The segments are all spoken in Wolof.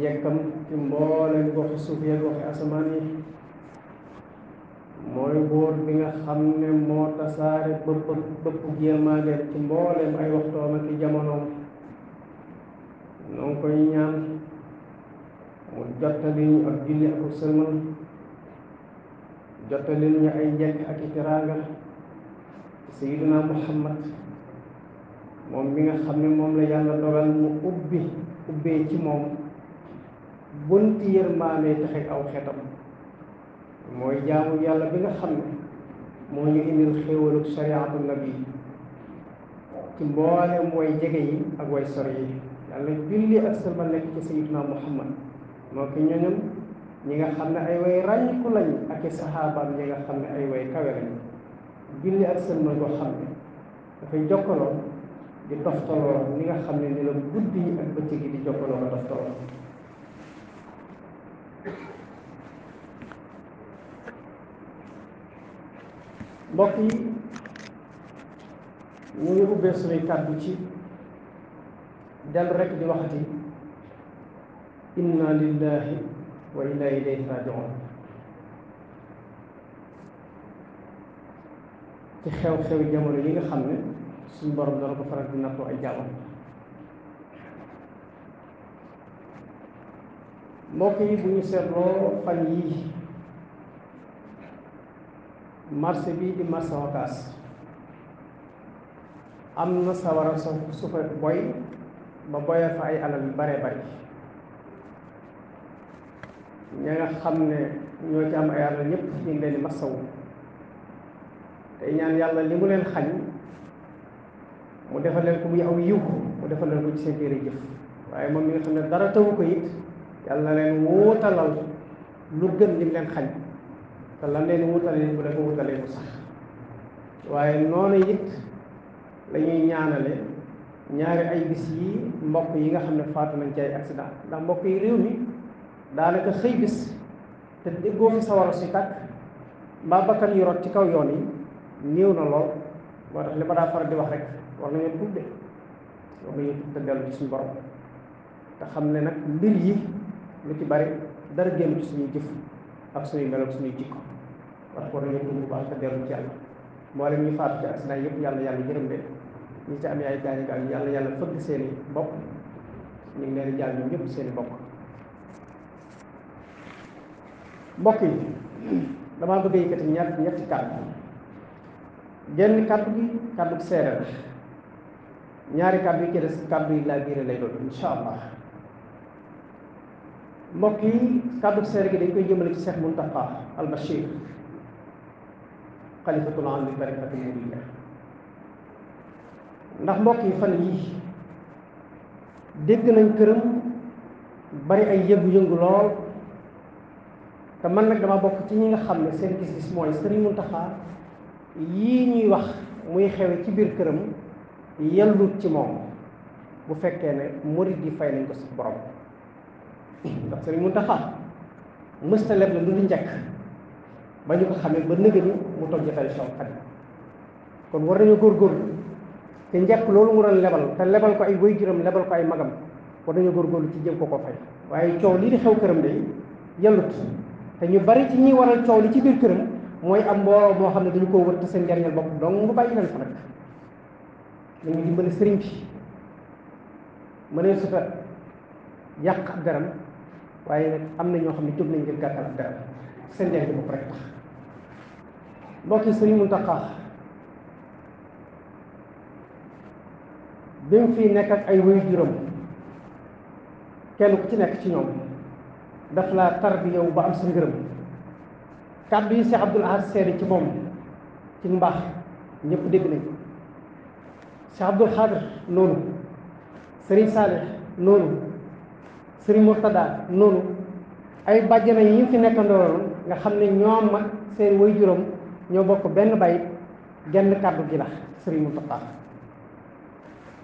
njëkkam ci mbooleem goxi suuf goxi asamaan yi mooy buur bi nga xam ne moo tasaare bëpp bëpp jéemaageem ci mbooleem ay waxtoom ak i jamonoom noonu koy ñaan mu jottali ak julli ak sëlmal jottali ay njëkk ak i teraanga muhammad moom mi nga xam ne moom la yàlla dogal mu ubbi ubbee ci moom bunti yërmaande taxeeg aw xetam mooy jaamu yàlla bi nga xam ne moo ñu indil xéewalu shariatu nabi ci mboolem way jege yi ak way sori yi yàlla julli ak salma nekk ci sayiduna muhammad moo ki ñoñom ñi nga xam ne ay way ràññiku lañ ak i ñi nga xam ne ay way kawe lañ julli ak salma goo xam ne dafay jokkaloo di toftaloo ñi nga xam ne ni la guddi yi ak bëccëg yi di jokkaloo ko toftaloo mbokk yi ñu ngi ubbee suñuy kàddu ci dal rekk di waxati inna lillahi wa inna ilayhi rajiun ci xew xew jamono yi nga xam ne suñu borom dana ko faral di nattoo ay jàmmam mbokk yi bu ñu seetloo fan yii marché bii di marché Ocass am na sawara sa su fa boy ba boyal fa ay alal yu bare bari ña nga xam ne ñoo ci am ay alal ñëpp ñu leen di masawu ñaan yàlla li mu leen xañ mu defal leen ko muy aw yiw mu defal leen ko ci seen téere jëf waaye moom mi nga xam ne dara tawu ko it yàlla leen wóotalal lu gën li mu leen xañ te lan leen wutale bu dafa wutale bu sax waaye noonu it la ñuy ñaanale ñaari ay bis yi mbokk yi nga xam ne faatu nañ ci ay accident ndax mbokk yi réew mi daanaka xëy bis te déggoo fi sawara si tàkk mbaa bakkan yu rot ci kaw yoon yi néew na lool moo tax li ma daa faral di wax rek war nañoo tuub de war nañoo te dellu suñu borom te xam ne nag mbir yi lu ci bari dara génn ci suñuy jëf ak suñuy melo ak suñuy jikko war ko yëpp bu baax te dellu ci yàlla mboolem ñu faatu ci accident yëpp yàlla yàlla yërëm leen ñi ci amee ay gaañu a yàlla yàlla fëgg seeni bokk ñu ngi leen di jàll ñoom ñëpp seeni bokk mbokk yi damaa bëgg yëkkati ñett ñetti kàddu genn kàddu gi kàddu seere la ñaari kàddu yi ci des kàddu yi laa biire lay doon incha allah mbokk yi kàddu seer gi dañ koy jëmale ci Seex Muntaqa al Bachir xalifatul am li tarikatul murida ndax mbokk yi fan yii dégg nañ këram bari ay yëngu-yëngu lool te man nag dama bokk ci ñu nga xam ne seen gis-gis mooy Sëriñ Muntaxa yii ñuy wax muy xewe ci biir këram yellut ci moom bu fekkee ne murid yi fay nañ ko si borom ndax sëriñ Muntaxa mësta leb lu di njëkk ba ñu ko xamee ba nëgë ni mu toog jotaayu soo xarit kon war nañoo góorgóorlu te njëkk loolu mu doon lebal te lebal ko ay waajuram lebal ko ay magam war ci jëm ko ko fay waaye coow lii di xew këram de yellut te ñu bari ci ñi waral coow li ci biir këram mooy am mbooloo moo xam ne dañu koo wër te seen njariñal bopp donc mu bàyyi leen fa nag dañu dimbali sëriñ bi mënee su yàq ak waaye am na ñoo xam ne jóg nañ ngir gàttal ak garab seen njàng bopp rek tax mbokk yi Sëriñ Muntaxa bi mu fi nekk ak ay wéyu juróom kenn ku ci nekk ci ñoom daf laa tarbiya ba am sa ngërëm kàddu yi Cheikh Abdoul Ahad ci moom ci mbaax ñépp dégg nañ Cheikh Abdoul Xaadir noonu Sëriñ Saalix noonu sëriñ Murtada noonu ay bàjjana yi ñu fi nekkandoon nga xam ne ñoom seen way juróom ñoo bokk benn bayit genn kàddu gi la sëriñ Murtada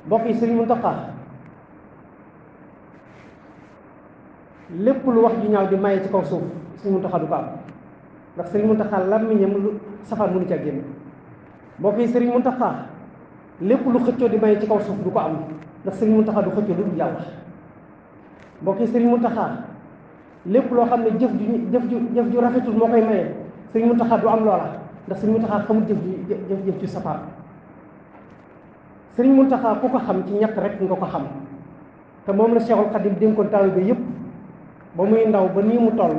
mbokk yi sëriñ Murtada lépp lu wax ju ñaaw di maye ci kaw suuf sëriñ Murtada du ko am ndax sëriñ Murtada làmmiñam lu safar mënu ca génn mbokk yi sëriñ Murtada lépp lu xëccoo di maye ci kaw suuf du ko am ndax sëriñ Murtada du xëccoo lu dul yàlla mbokki sëriñ Muntaxa lépp loo xam ne jëf ju jëf ju jëf ju rafetul moo koy maye sëriñ Muntaxa du am loola ndax sëriñ Muntaxa xamul jëf ju jëf jëf ju safaan sëriñ Muntaxa ku ko xam ci ñett rek nga ko xam te moom la Cheikhul Khadim dénkoon bi yépp ba muy ndaw ba nii mu toll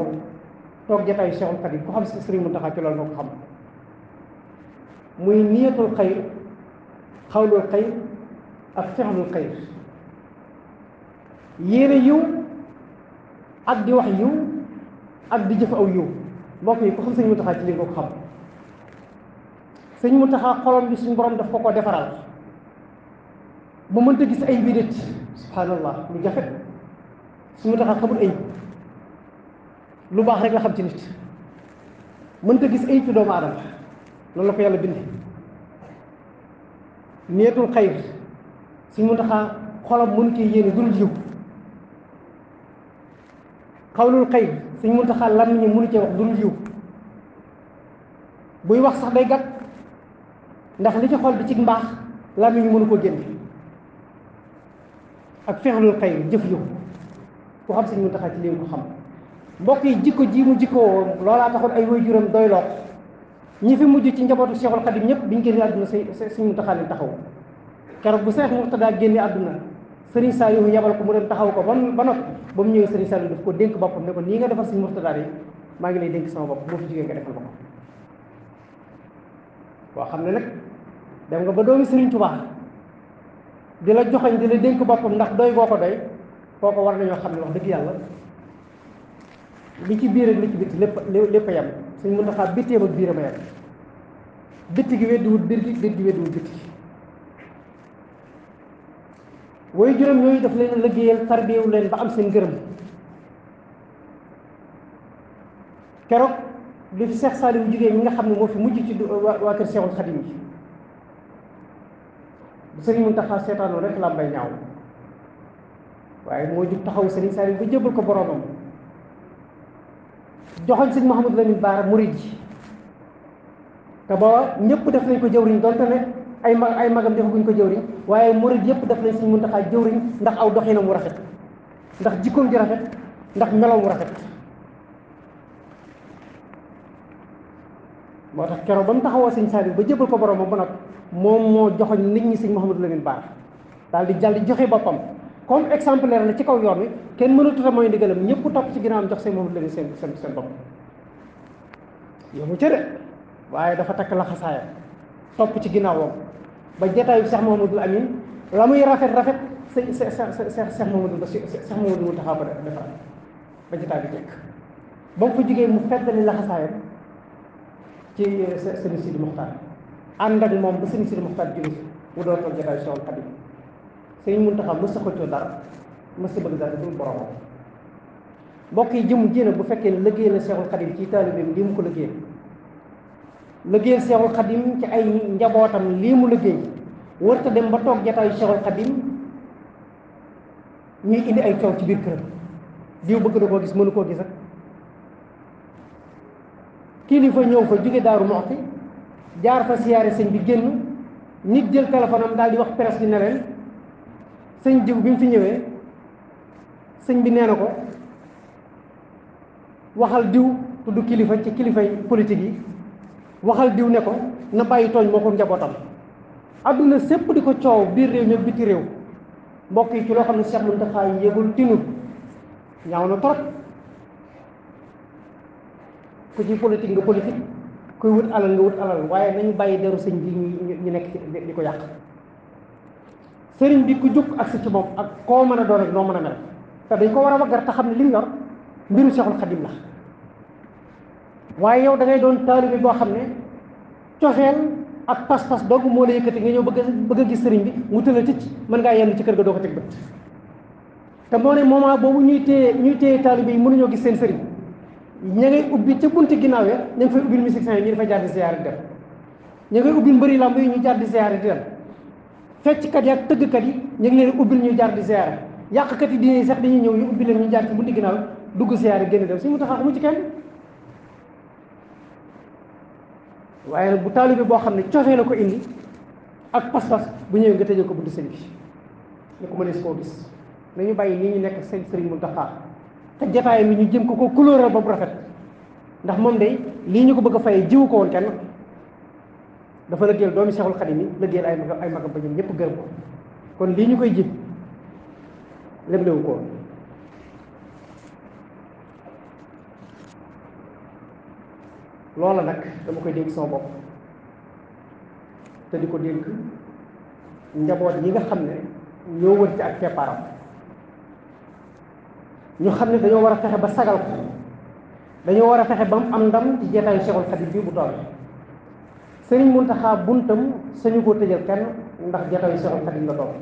toog jataayu Cheikhul Khadim ku xam si sëriñ Muntaxa ci loolu nga ko xam muy niyatul xayr xawlul xayr ak fexlul xayr yéene yiw ak di wax yëw ak di jëf aw yiw mbokk yi ko xam sëñ Muntaxa ci lii nga ko xam sëñ Muntaxa xolom bi suñ borom daf ko ko gis ay bidet subhanallah lu jafe suñ Muntaxa xamul ay baax rek la xam ci nit mënta gis ay ci doomu aadama loolu la ko yàlla bindee neetul xayr suñ Muntaxa xolom mënu kee dul jiw xawlul xëy suñ taxaal làmmiñu mënu cee wax dul yiw buy wax sax day gàtt ndax li ci xol bi ci mbaax làmmiñu mënu ko génne ak fexlul xëy jëf yiw ku xam suñ muntaxaa ci léegi ko xam mbokk yi jikko ji mu jikkoo loolaa taxoon ay waajuram doy loo ñi fi mujj ci njabootu Seexul Xadim ñëpp biñ génnee àdduna suñ muntaxaa leen taxaw keroog bu Seex Murtadaa génne àdduna sëriñ Saliou yabal ko mu dem taxaw ko ba ba noppi ba mu ñëwee sëriñ Saliou daf ko dénk boppam ne ko nii nga defal suñu murtadaa yi maa ngi lay dénk sama bopp moo fi jigéen nga defal ko boo xam ne nag dem nga ba doomi sëriñ Tuubaa di la joxañ di la dénk boppam ndax doy boo ko doy kooko war nañoo xam ne wax dëgg yàlla li ci biir ak li ci bitti lépp lépp a yem suñ mën taxaa bitteem ak biiram a yem bitti gi weddiwul biir gi biir way juróom yooyu daf leen a liggéeyal tarbiyewu leen ba am seen ngërëm keroog li fi Seex Saalim jugee mi nga xam ne moo fi mujj ci waa kër Seexul Xadim yi bu sëriñ Muntaxa seetaanoo rek la mbay ñaaw waaye moo jug taxaw sëriñ Saalim ba jëbal ko boroomam joxoñ sëñ Mouhamadou Lamine Baara murid yi te booba ñëpp def nañ ko jëwriñ donte ne ay mag ay magam defaguñ ko jëwriñ waaye murit yëpp daf nañ suñ Muntaxa jëwriñ ndax aw doxinam wu rafet ndax jikkoom ji rafet ndax meloom wu rafet moo tax keroog ba taxawoo sëñ Saaliw ba jébal ko boroomam ba nag moom moo joxoñ nit ñi sëñ Mouhamadou Lamine Bara daal di jàll joxe boppam comme exemplaire na ci kaw yoon wi kenn mënatu ta mooy ndigalam ñëpp topp ci ginnaawam jox sëñ Mouhamadou Lamine seen seen seen bopp yow cëre waaye dafa takk la xasaaya topp ci ginnaawam ba jataayu Cheikh Mouhamadou Amine la muy rafet rafet se se sa sa sa Cheikh Mouhamadou ba Cheikh Mouhamadou Mountakha ba defar ba jataay bi jekk ba mu fa jógee mu ci eh, sëriñ Sidi Mokhtar ak moom ba sëriñ Sidi Mokhtar jóge si mu doon toog jataayu Cheikhul Khadim sëriñ Mountakha mës sa xëccoo dara mës sa bu fekkee ne liggéey na Cheikhul Khadim ci taalibeem li mu ko liggéey liggéeyal cheikhul khadim ci ay njabootam lii mu liggéey wërta dem ba toog jataayu cheikhul khadim ñuy indi ay coow ci biir këram diw bëgg na koo gis mënu koo gis ak kilifa ñëw fa jóge daaru moxti jaar fa siyaare sëñ bi génn nit jël téléphone am daal di wax presse di ne leen sëñ diw bi mu fi ñëwee sëñ bi nee na ko waxal diw tudd kilifa ci kilifa politique yi waxal diw ne ko na bàyyi tooñ moo ko njabootam adduna sépp di ko coow biir réew ñëpp biti réew mbokk yi ci loo xam ne Cheikh Mountakha yëgul tinul ñaaw na trop ku ci politique nga politique kuy wut alal nga wut alal waaye nañu bàyyi deru sëñ bi ñu nekk ci di ko yàq sëriñ bi ku jóg ak si ci ak koo mën a doon rek noo mën a mel te dañ ko war a waggar te xam ne li mu yor mbiru Cheikhul Khadim la waaye yow da ngay doon taalibe boo xam ne cofeel ak pas-pas doogu moo la yëkkati nga ñëw bëgg bëgg a gis sëriñ bi mu tëla ticc mën ngaa yenn ci kër ga doo ko teg bët te moo ne moment boobu ñuy téye ñuy téye taalibe yi mënuñoo gis seen sëriñ ña ngay ubbi ca bunti ginnaaw ya ña ngi fay ubbil musiciens yi ñu dafay jaar di siyaare dem ña ngay ubbil mbëri làmb yi ñu jaar di siyaare di dem fecckat yi ak kat yi ñu ngi leen ubbil ñu jaar di siyaare yàqkat yi diine yi sax ñuy ñëw yu ubbi leen ñu jaar ci bunti ginnaaw dugg siyaare génn dem suñu mu taxaa xamu ci kenn waaye nag bu taalibe boo xam ne cofee la ko indi ak pas-pas bu ñëwee nga tëjee ko buntu sëñ bi ni ko mënees koo gis nañu bàyyi nii ñu nekk sëñ sëriñ Muntaxa te jataay mi ñu jëm ko ko couleur ba bu rafet ndax moom de lii ñu ko bëgg a fayee jiwu ko woon kenn dafa lëggeel doomi Seexul Xadim yi lëggeel ay magam ay magam ba ñoom ñëpp gërëm ko kon lii ñu koy ji leblewu ko woon loola nag dama koy dénk soo bopp te di ko dénk njaboot yi nga xam ne ñoo wër ci ak keppaaram ñu xam ne dañoo war a fexe ba sagal ko dañoo war a fexe ba mu am ndam ci jeetaayu Cheikhul Khadim bi bu toll Sëriñ Muntaxa buntam sañu koo tëjal kenn ndax jeetaayu Cheikhul Khadim la toll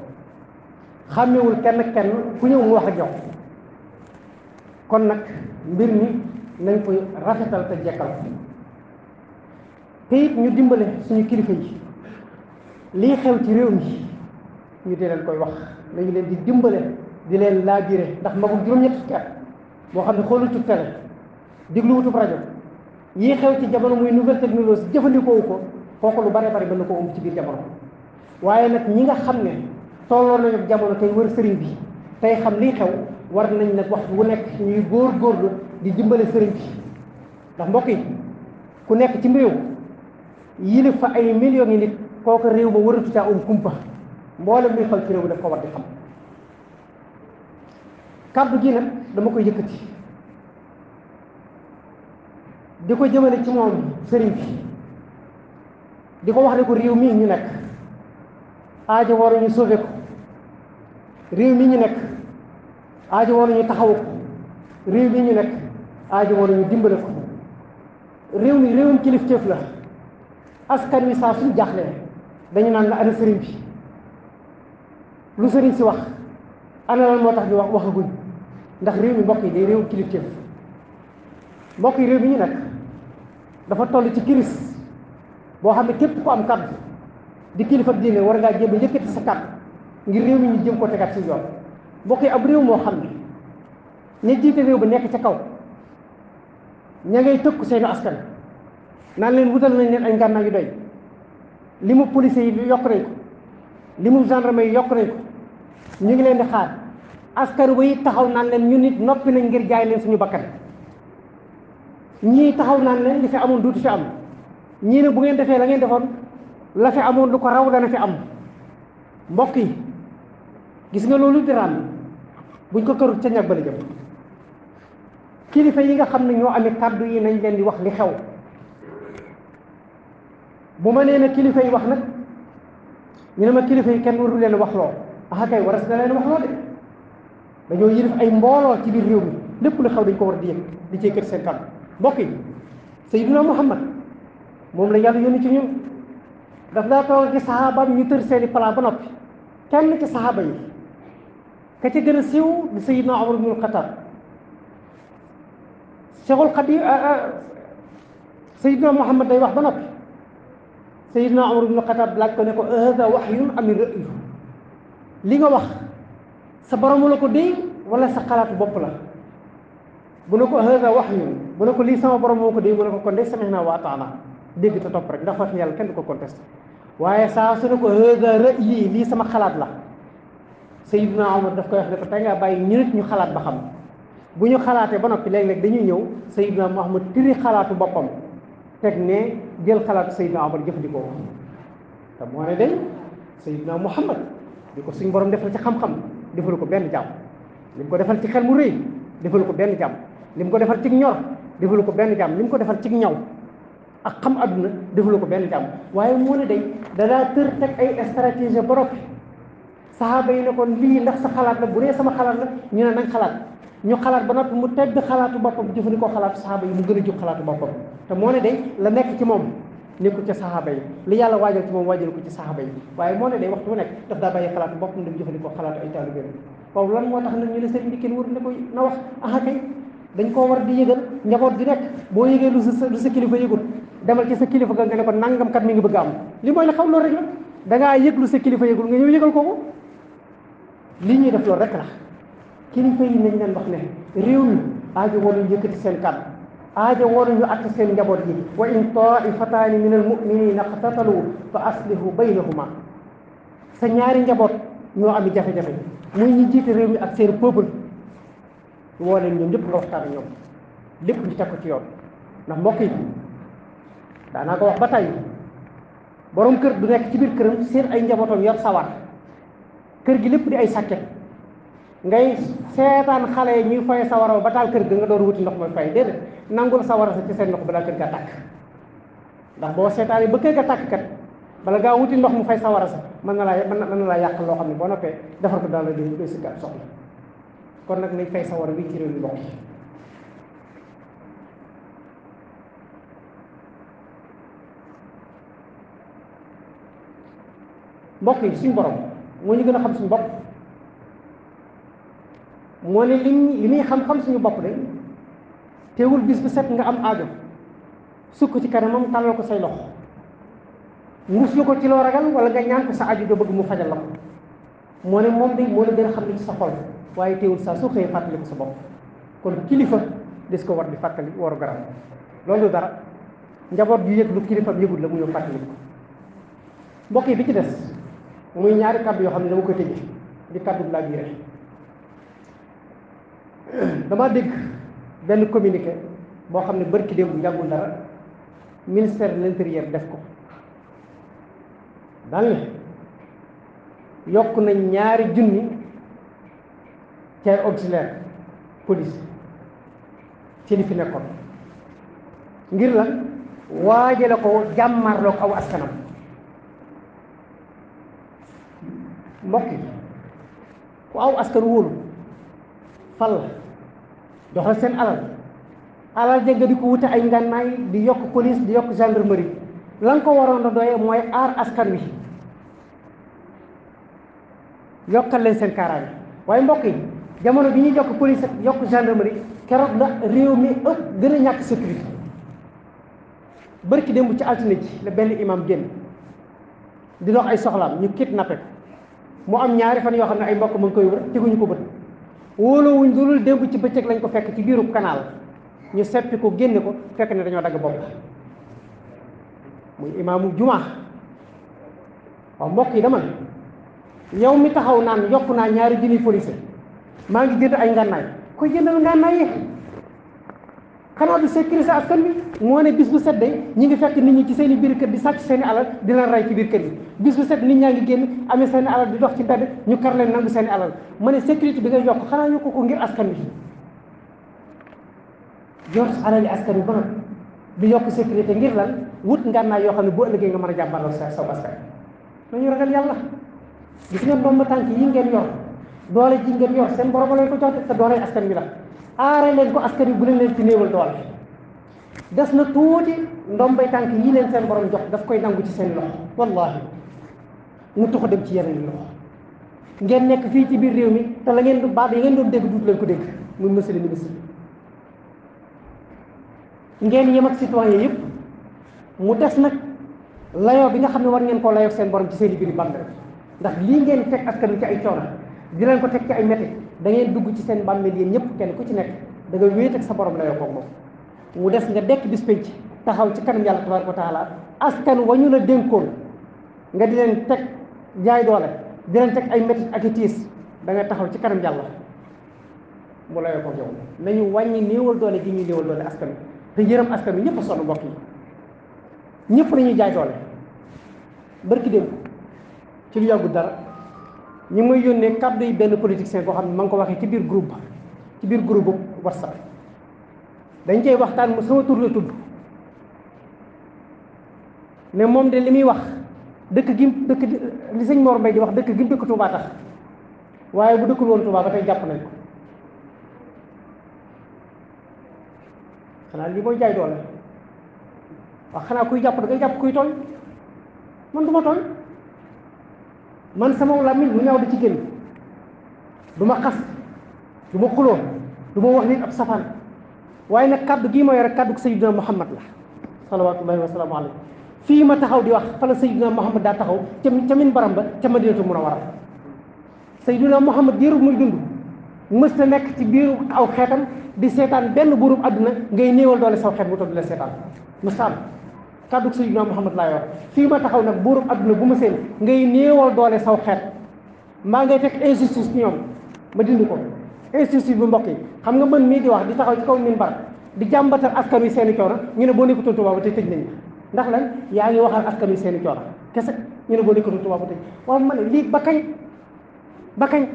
xàmmewul kenn kenn ku ñëw mu wax ak yow kon nag mbir mi nañ koy rafetal te jekkal ko te ñu dimbale suñu kilifa yi lii xew ci réew mi ñu di leen koy wax dañu leen di dimbale di leen laabire ndax magul juróom-ñetti fukki at boo xam ne xoolul ci télé dégluwutub rajo yii xew ci jamono muy nouvelle si jëfandikoowu ko kooku lu bare bari mën na ko ëmb ci biir jamono waaye nag ñi nga xam ne tolloo nañu ak jamono tey wër sëriñ bi tey xam lii xew war nañ nag wax bu nekk ñuy góor góorlu di dimbale sëriñ bi ndax mbokk yi ku nekk ci réew yilif fa ay million yi nit kooku réew ma waratu caa um kumpa mboolem luy xew ci réew mi daf ko war di xam kàddu gi nag dama koy yëkkati di ko jëmale ci moom sëriñ bi di ko wax de ko réew mi ñu nekk aajo waru ñu sauver ko réew mi ñu nekk aajo waru ñu taxaw ko réew mii ñu nekk aajo waru ñu dimbale ko réew mi réewum kilifteef la askan wi saa suñ jaaxlee dañu naan la ana sëriñ bi lu sëriñ si wax ana lan moo tax ñu wax wax waxaguñ ndax réew mi mbokk yi day réew kilifteef mbokk yi réew mi ñu nekk dafa toll ci kiris boo xam ne képp ko am kàddu di kilifa diine war a ngaa jéem a yëkkati sa kàddu ngir réew mi ñu jëm ko tegaat ci yoon mbokk yi ab réew moo xam ne ña jiite réew ba nekk ca kaw ña ngay tëkku seeni askan naan leen wutal nañ leen ay ngànnaay yu doy li mu policiers yi yokk nañ ko li mu gendarme yi yokk nañ ko ñu ngi leen di xaar askar wi taxaw naan leen ñun nit noppi nañ ngir jaay leen suñu bakkan ñii taxaw naan leen li fi amoon duutu fi am ñii ne bu ngeen defee la ngeen defoon la fi amoon lu ko raw dana fi am mbokk yi gis nga loolu di raam buñ ko kërut ca ñàkk ba la jëm kilifa yi nga xam ne ñoo amee kàddu yi nañ leen di wax li xew bu ma kilifa yi wax nag ñu ne ma kilifa yi kenn waru leen waxloo ah kay waras na leen wax waxloo de dañoo yërif ay mbooloo ci biir réew mi lépp lu xaw dañ ko war di yëg di cee kër seen kàddu mbokk yi sayiduna muhammad moom la yàlla yónni ci ñun daf daa toog ci sahaba ñu tër seeni plan ba noppi kenn ci sahaba yi ka ci gën a siiw di sayiduna omar ibnul xataab cheikhul xadim sayiduna muhammad day wax ba noppi sayidna Umar ibnu Xataab laaj ko ko hada waxyun am ra'yu li nga wax sa boromu la ko déy wala sa xalaatu bopp la bu ne ko hada waxyun bu ko lii sama borom moo ko déy bu ne ko kon de sami'naa dégg te topp rek ndax yàlla kenn du ko contesté waaye saa ko hada ra'yi sama xalaat la sayidna Umar daf koy wax ne ko tey ngaa bàyyi ñu ñu xalaat ba xam bu ñu xalaatee ba noppi léeg-léeg dañuy ñëw sayidna Muhammad tiri xalaatu boppam teg ne jël xalaat Seydina Omar jëfandikoo te moo ne day Seydina Muhammad di ko suñ borom defal ci xam-xam defalu ko benn jàmm li ko defal ci xel mu rëy defalu ko benn jàmm li ko defal ci ñor defalu ko benn jàmm li ko defal ci ñaw ak xam àdduna defalu ko benn jàmm waaye moo ne day danaa tër teg ay stratégie ba noppi saxaaba yi ne kon lii ndax sa xalaat la bu dee sama xalaat la ñu ne nañ xalaat ñu xalaat ba noppi mu tedd xalaatu boppam jëfandikoo xalaatu saxaaba yi mu gën a jub xalaatu boppam te moo ne day la nekk ci moom nekkul ci saxaaba yi li yàlla waajal ci moom waajal yi waaye moo ne day waxtu nekk daf daa bàyyi xalaatu boppam dem jëfandikoo xalaatu ay taalibeem waaw lan moo tax nag ñu ne sëriñ bi kenn warul ne ko na wax aha kay dañ koo war di boo yëgee lu sa lu sa kilifa yëgul demal ci sa kilifa ga nga ne nangam kat mi ngi bëgg am li mooy la xaw loolu rek la da ngaa yëg lu sa kilifa yëgul nga ñëw yëgal kooku li ñuy def loolu rek la kilifa yi nañ leen wax ne réew mi aajo woon ñu yëkkati seen kàddu aajo woon ñu att seen njaboot yi wa in taifataani min almuminina qatatalu fa aslihu baynahuma sa ñaari njaboot ñoo ami jafe-jafe muy ñi jiite réew mi ak seen peuple woo leen ñoom ñëpp nga waxtaan ñoom lépp ñu teg ko ci yoon ndax mbokk yi daanaa ko wax ba tey borom kër du nekk ci biir këram seen ay njabootam yor sawar kër gi lépp di ay sàkket ngay seetaan xale yi ñuy fay sawara ba taal kër ga nga door wuti ndox mooy fay déedéet nangul sawara sa ci seen ndox ba daal kër ga tàkk ndax boo seetaanee ba kër ga tàkk kat bala ngaa wuti ndox mu fay sawara sa mën na laa na laa yàq loo xam ne boo noppee defar ko daal la ba si kon nag nañ fay sawara bi ci réew mbokk yi suñu borom moo ñu gën a xam suñu bopp. moo ne li li xam-xam suñu bopp rek teewul bis bu set nga am aajo sukk ci kanamam tàllal ko say loxo muslu ko ci loo ragal wala nga ñaan ko sa aajo doo bëgg mu fajal lox ko moo ne moom de moo la gën a xam li ci sa xol waaye teewul saa su xëyee fàttali ko sa bopp kon kilifa des ko war di fàttali waru garam loolu dara njaboot yu yëg lu kilifa yëgul la mu ñëw fàttali ko mbokk yi bi ci des muy ñaari kàddu yoo xam ne dama koy tëjee di kàddu laa rek damaa dégg benn communiqué boo xam ne barki démb yàggul dara ministère de l'intérieur def ko daal ne yokk nañ ñaari junni ci ay auxiliaire police ci li fi nekkoon ngir la waajale ko jàmmarloog aw askanam mbokk ku aw askan wóolu fal la jox la seen alal alal ja di ko wute ay ngànnaay di yokk police di yokk gendarmerie la nga ko waroon a doyee mooy aar askan wi yokkal leen seen kaaraange waaye mbokk yi jamono bi ñuy yokk police ak yokk gendarmerie keroog la réew mi ëpp gën a ñàkk sécurité bërki démb ci altine ci la benn imam génn di dox ay soxlaam ñu kidnappé ko mu am ñaari fan yoo xam ne ay mbokk mu ngi koy wër teguñu ko bët wóolowuñ loolu démb ci bëccëg lañ ko fekk ci biiru kanaal ñu seppi ko génne ko fekk ne dañoo dagg bopp muy imaamu jumaa waaw mbokk yi dama yow mi taxaw naan yokk naa ñaari junni police maa ngi jënd ay ngànnaay ko jëndal ngànnaay yi xana du sécuriser askan bi moo ne bis bu set day ñi ngi fekk nit ñi ci seen biir kër di sàcc seen alal di leen rey ci biir kër yi bis bu set nit ñaa ngi génn amee seen alal di dox ci mbedd ñu kar leen nangu seen alal ma ne sécurité bi nga yokk xanaa yokk ko ngir askan bi yor alali askan bi ba nag di yokk sécurité ngir lan wut ngànnaay yoo xam ne bu ëllëgee nga mën a jàmbarloo sa saw askan ñu ragal yàlla gis ngeen ndomba tànk yi ngeen yor doole ji ngeen yor seen borom lay ko jox te doole askan bi la aare leen ko askari bu leen leen ci néewal dool des na tuuti ndombay tànk yi leen seen borom jox daf koy nangu ci seen loxo wallahi mu tuxu dem ci yeneen loxo ngeen nekk fii ci biir réew mi te la ngeen baat yi ngeen doon dégg duut leen ko dégg muy monsieur le ministre ngeen yem ak citoyen yëpp mu des nag layoo bi nga xam ne war ngeen koo layoo seen borom ci seen i biir bànd ndax lii ngeen teg askan ci ay coono di leen ko teg ci ay métti da ngeen dugg ci seen bàmmeel yéen ñëpp kenn ku ci nekk dangay nga wéet sa borom la yokkoog moom mu des nga dekk bis penc taxaw ci kanam yàlla tabaaraka wa taala askan wa ñu la dénkoon nga di leen teg jaay doole di leen teg ay métit ak i tiis da nga taxaw ci kanam yàlla mu la yokkoog yow nañu wàññi néewal doole gi ñuy néewal doole askan te yërëm askan bi ñëpp sonn mbokk yi ñëpp nañuy jaay doole barki démb ci lu yàggu dara ñi muy yónnee kàddu yi benn politicien boo xam ne ma ngi ko waxee ci biir groupe ba ci biir groupe bu whatsapp dañ cey waxtaan mu sama tur la tudd ne moom de li muy wax dëkk gi dëkk li sëñ Mor Mbaye di wax dëkk gi mu dëkk Touba tax waaye bu dëkkul woon Touba ba tey jàpp nañ ko xanaa lii mooy jaay doole wax xanaa kuy jàpp da jàpp kuy tooñ man du ma man sama làmmiñ lu ñaaw di ci génn du ma xas du ma xuloo du ma wax nit ab safaan waaye nag kàddu gii ma rek kàddu ko sayyidina Muhammad la salawaatullahi wa salaamu alayhi fii ma taxaw di wax fa la sayyidina Muhammad daa taxaw ca ca min baram ba ca madinatu munawwara sayyidina Muhammad diiru muy dund mës na nekk ci biiru aw xeetam di seetaan benn buurub àdduna ngay néewal doole saw xeet mu toog di la seetaan mës na kàddu Seydina Muhammad laa yor fii ma taxaw nag buurum adduna bu ma seen ngay néewal doole saw xeet maa ngay teg injustice ci ñoom ma dindi ko injustice bu mbokk yi xam nga man mii di wax di taxaw ci kaw minbar di jàmbatal askan wi seeni coono ñu ne boo nekkutoon tubaab ba tey tëj nañu ndax lan yaa ngi waxal askan yi seeni coono kese ñu ne boo nekkutoon tubaab ba tëj waaw ma ne ba kañ ba kañ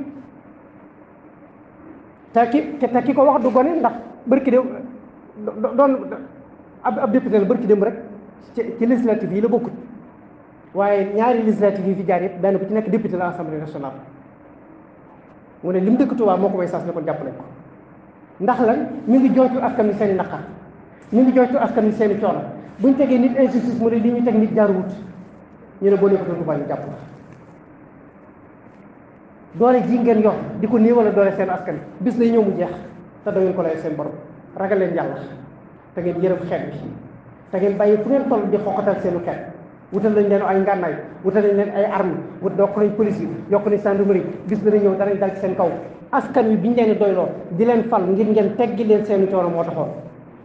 te ki te ki ko wax du gone ndax bërki déew doon ab ab député la bërki démb rek ci législative yi la bokkut waaye ñaari législative yi fi jaar yëpp benn bu ci nekk député la assemblée nationale mu ne li mu dëkk Tuubaa moo ko may saas ne kon jàpp nañ ko ndax lan mi ngi jooytu askan wi seen naqar mi ngi jooytu askan wi seen bu ñu tegee nit injustice mu ne li ñuy teg nit jaaruwut ñu ne boo nekkoon Tuubaa ñu jàpp la doole ji ngeen yor di ko néew wala doole seen askan bis lay ñëw mu jeex te da ngeen ko lay seen borom ragal leen yàlla te ngeen xeet bi te ngeen bàyyi fu ngeen toll di xoqatal seenu xel wutal nañ leen ay ngànnaay wutal nañ leen ay arme wut yokk nañ police yi yokk nañ gendarmerie bis dana ñëw danañ dal ci seen kaw askan wi biñu leen doyloo di leen fal ngir ngeen teggi leen seeni coono moo taxoon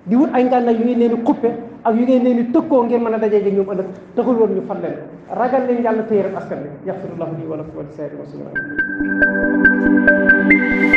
di wut ay ngànnaay yu ngeen leen di xuppe ak yu ngeen leen di tëkkoo ngir mën a dajee ji ñoom ëllëg taxul woon ñu fal leen ragal leen yàlla téye rek askan bi yaxfirullahu lii wa lakum wa li